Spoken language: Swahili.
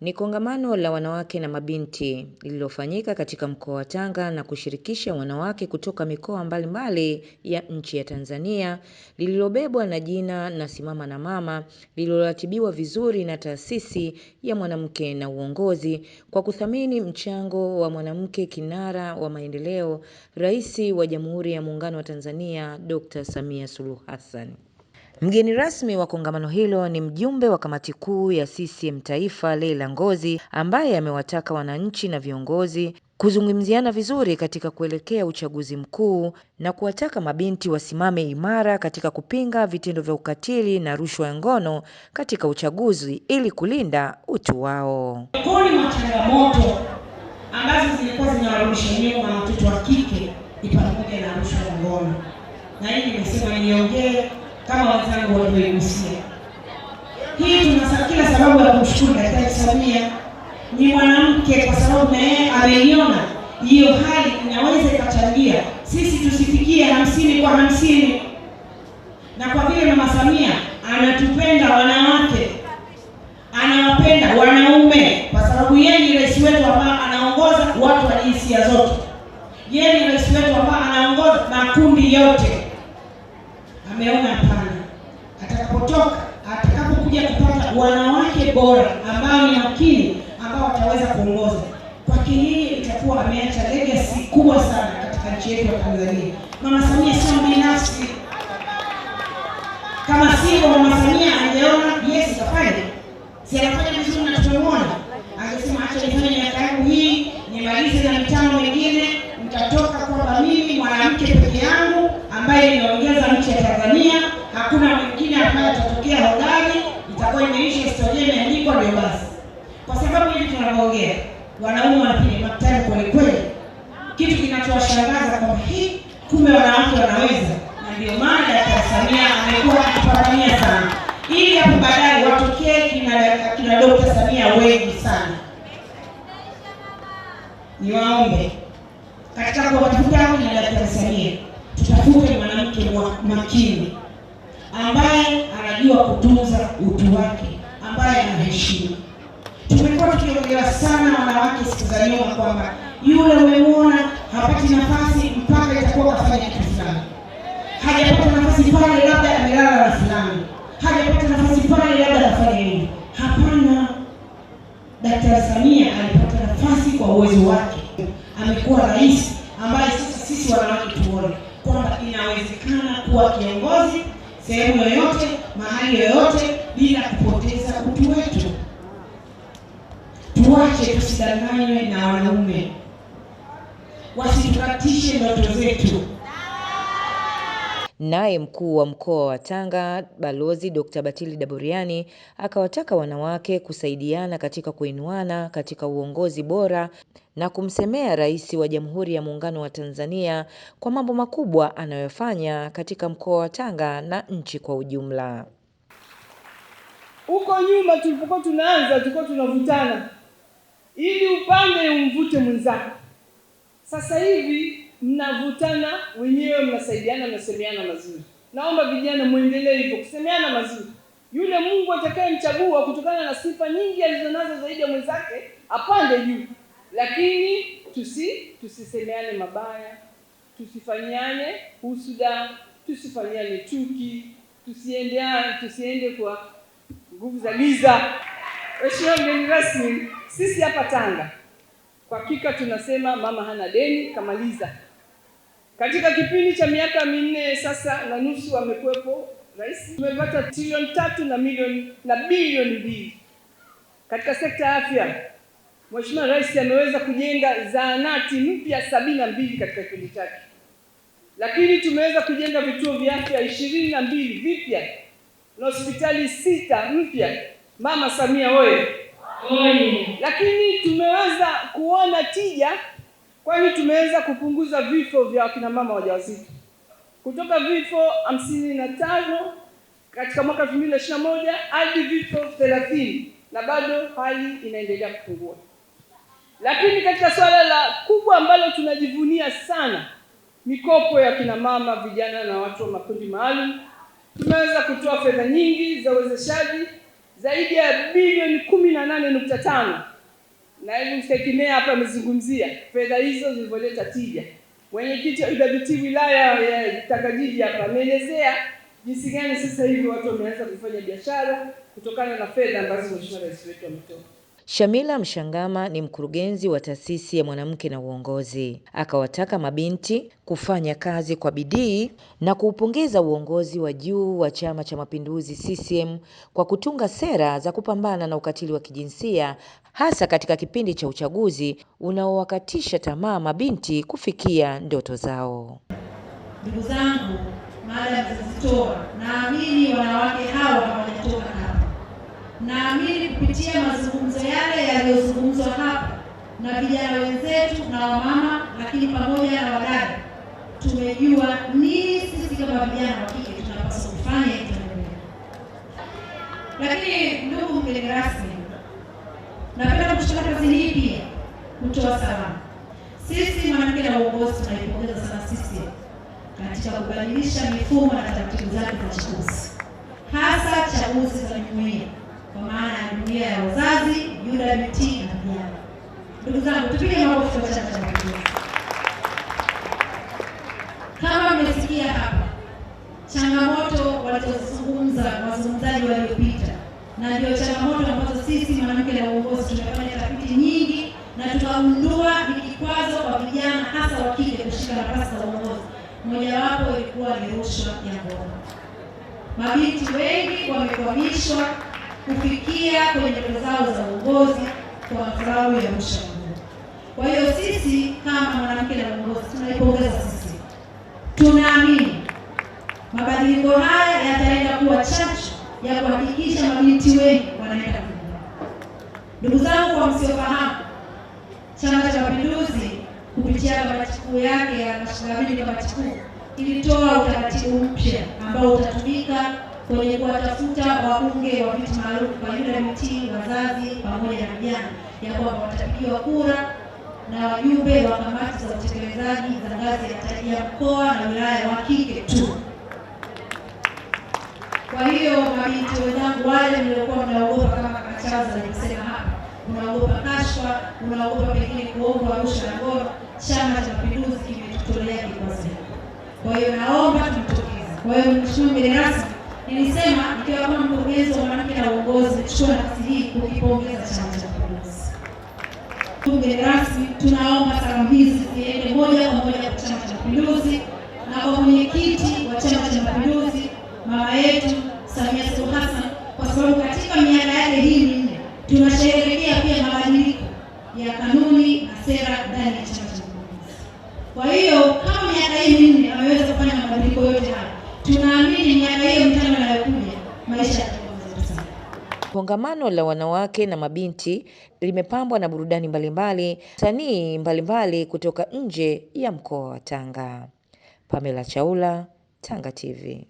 ni kongamano la wanawake na mabinti lililofanyika katika mkoa wa Tanga na kushirikisha wanawake kutoka mikoa mbalimbali ya nchi ya Tanzania lililobebwa na jina na Simama na Mama lililoratibiwa vizuri na Taasisi ya Mwanamke na Uongozi kwa kuthamini mchango wa mwanamke kinara wa maendeleo, Rais wa Jamhuri ya Muungano wa Tanzania Dr. Samia Suluhu Hassan. Mgeni rasmi wa kongamano hilo ni mjumbe wa kamati kuu ya CCM Taifa, Leila Ngozi, ambaye amewataka wananchi na viongozi kuzungumziana vizuri katika kuelekea uchaguzi mkuu na kuwataka mabinti wasimame imara katika kupinga vitendo vya ukatili na rushwa ya ngono katika uchaguzi ili kulinda utu wao. Miongoni mwa changamoto ambazo zilikuwa zinawarudisha nyuma watoto wa kike ni pamoja na rushwa ya ngono, na hii nimesema niongee kama wenzangu walivyoigusia hii. Tuna kila sababu ya kumshukuru Daktari Samia, ni mwanamke kwa sababu na yeye ameiona hiyo hali inaweza ikachangia sisi tusifikie hamsini kwa hamsini, na kwa vile mama Samia anatupenda wanawake, anawapenda wanaume, kwa sababu yeye ni rais wetu ambaye anaongoza watu wa jinsia zote. Yeye ni rais wetu ambaye anaongoza makundi yote mmeona hapana. Atakapotoka, atakapokuja kupata wanawake bora ambao ni makini, ambao wataweza kuongoza kwake yeye, itakuwa ameacha legacy kubwa sana katika nchi yetu ya Tanzania. Mama Samia sio binafsi. Kama sivyo, Mama Samia angeona yes, kafanya si anafanya vizuri na tutamwona, angesema acha nifanye miaka yangu hii nimalize na mitano mingine, mtatoka kwamba mimi mwanamke peke yangu ambaye niongeza nchi ya Tanzania. Tanzania hakuna mwingine ambaye atatokea hodari, itakuwa imeisha, historia imeandikwa, ndio basi. Kwa sababu hivi tunavyoongea, wanaume wanapiga maktari kweli kweli, kitu kinachowashangaza kwa hii kumbe wanawake wanaweza, na ndio maana ya Samia amekuwa akipambania sana ili hapo baadaye watokee kina kina Daktari Samia wengi sana. Niwaombe katika kuwatafuta kina Daktari Samia tutafute mwanamke makini ambaye anajua kutunza utu wake, ambaye anaheshima. Tumekuwa tukiongea sana wanawake siku za nyuma kwamba yule umemwona hapati nafasi mpaka itakuwa kafanya kitu fulani, hajapata nafasi pale, labda amelala na fulani, hajapata nafasi pale, labda anafanya hivi. Hapana, Daktari Samia alipata nafasi kwa uwezo wake, amekuwa rais ambaye sisi sisi wanawake tuone inawezekana kuwa kiongozi sehemu yoyote mahali yoyote bila kupoteza utu wetu. Tuache tusidanganywe na wanaume, wasitukatishe ndoto zetu. Naye mkuu wa mkoa wa Tanga Balozi Dr. batili daburiani akawataka wanawake kusaidiana katika kuinuana katika uongozi bora na kumsemea Rais wa Jamhuri ya Muungano wa Tanzania kwa mambo makubwa anayofanya katika mkoa wa Tanga na nchi kwa ujumla. Huko nyuma tulipokuwa tunaanza tulikuwa tunavutana ili upande umvute mwenzako. Sasa hivi mnavutana wenyewe, mnasaidiana, mnasemeana mazuri. Naomba vijana mwendelee hivyo kusemeana mazuri. Yule Mungu atakayemchagua kutokana na sifa nyingi alizonazo zaidi ya mwenzake apande juu, lakini tusi tusisemeane mabaya, tusifanyane husuda, tusifanyane chuki, tusiende tusiende kwa nguvu za giza. Mheshimiwa mgeni rasmi, sisi hapa Tanga kwa hakika tunasema mama hana deni, kamaliza. Katika kipindi cha miaka minne sasa na nusu amekuwepo rais, tumepata trilioni tatu na milioni na bilioni mbili katika sekta ya afya. Mheshimiwa Rais ameweza kujenga zahanati mpya sabini na mbili katika kipindi chake, lakini tumeweza kujenga vituo vya afya ishirini na mbili vipya na hospitali sita mpya. Mama Samia oye! Lakini tumeweza kuona tija kwa hiyo tumeweza kupunguza vifo vya akina mama wajawazito kutoka vifo hamsini na tano katika mwaka 2021 hadi vifo 30 na bado hali inaendelea kupungua. Lakini katika suala la kubwa ambalo tunajivunia sana, mikopo ya kina mama, vijana na watu wa makundi maalum, tumeweza kutoa fedha nyingi za uwezeshaji zaidi ya bilioni 18.5 na Mstahiki hapa amezungumzia fedha hizo zilivyoleta tija. Mwenyekiti wa UWT wilaya ya Tanganyika hapa ameelezea jinsi gani sasa hivi watu wameanza kufanya biashara kutokana na fedha ambazo Mheshimiwa Rais wetu ametoa. Shamila Mshangama ni mkurugenzi wa taasisi ya mwanamke na uongozi, akawataka mabinti kufanya kazi kwa bidii na kuupongeza uongozi wa juu wa Chama cha Mapinduzi CCM kwa kutunga sera za kupambana na ukatili wa kijinsia hasa katika kipindi cha uchaguzi unaowakatisha tamaa mabinti kufikia ndoto zao. Ndugu zangu, mada mzizitoa, naamini wanawake hawa hawajatoka Naamini kupitia mazungumzo yale yaliyozungumzwa hapa na vijana wenzetu na wamama, lakini pamoja na wadada, tumejua nini sisi kama vijana wa kike tunapaswa kufanya ili Lakini ndugu mgeni rasmi, napenda kushika kazi hii pia kutoa salamu. Sisi mwanamke na uongozi tunaipongeza sana sisi katika kubadilisha mifumo na taratibu zake za chaguzi, hasa chaguzi za jumuiya kwa maana ya jumuiya ya wazazi UWT na vijana. Ndugu zangu, tupige makofi kwa Chama cha Mapinduzi. Kama mmesikia hapa changamoto walizozungumza wazungumzaji waliopita, na ndio changamoto ambazo sisi mwanamke na uongozi tumefanya tafiti nyingi na tukagundua ni kikwazo kwa vijana hasa wa kike kushika nafasi za uongozi. Mojawapo ilikuwa ni rushwa ya ngono. Mabinti wengi wamekwamishwa kufikia kwenye ndoto zao za uongozi kwa sababu ya ushauri. Kwa hiyo sisi kama mwanamke na uongozi tunaipongeza sisi, tunaamini mabadiliko haya yataenda kuwa chachu ya kuhakikisha mabinti wengi wanaenda kuoa. Ndugu zangu, kwa msiofahamu, Chama cha Mapinduzi kupitia kamati kuu yake ya mashauri, kamati kuu ilitoa utaratibu mpya ambao utatumika kwenye kuwatafuta wabunge wa viti maalum kwa yule mti, wazazi pamoja na vijana, ya kwamba watapigiwa kura na wajumbe wa kamati za utekelezaji za ngazi ya mkoa na wilaya wa kike tu. Kwa hiyo mabinti wenzangu, wale mliokuwa mnaogopa kama Kakachaza alivyosema hapa, unaogopa kashfa, unaogopa pengine kuombwa rushwa na ngono, Chama cha Mapinduzi kimetutolea kikosi. Kwa hiyo naomba tumtokeze. Kwa hiyo mheshimiwa rasmi Nilisema nikiwa kama mkurugenzi wa na uongozi, nichukue nafasi hii kukipongeza Chama cha Mapinduzi. Tunge rasmi, tunaomba salamu hizi ziende moja kwa moja kwa Chama cha Mapinduzi na kwa mwenyekiti wa Chama cha Mapinduzi, mama yetu Samia Tunaamini miaka hiyo mitano inayokuja maisha Kongamano la wanawake na mabinti limepambwa na burudani mbalimbali, sanii mbalimbali kutoka nje ya mkoa wa Tanga. Pamela Chaula, Tanga TV.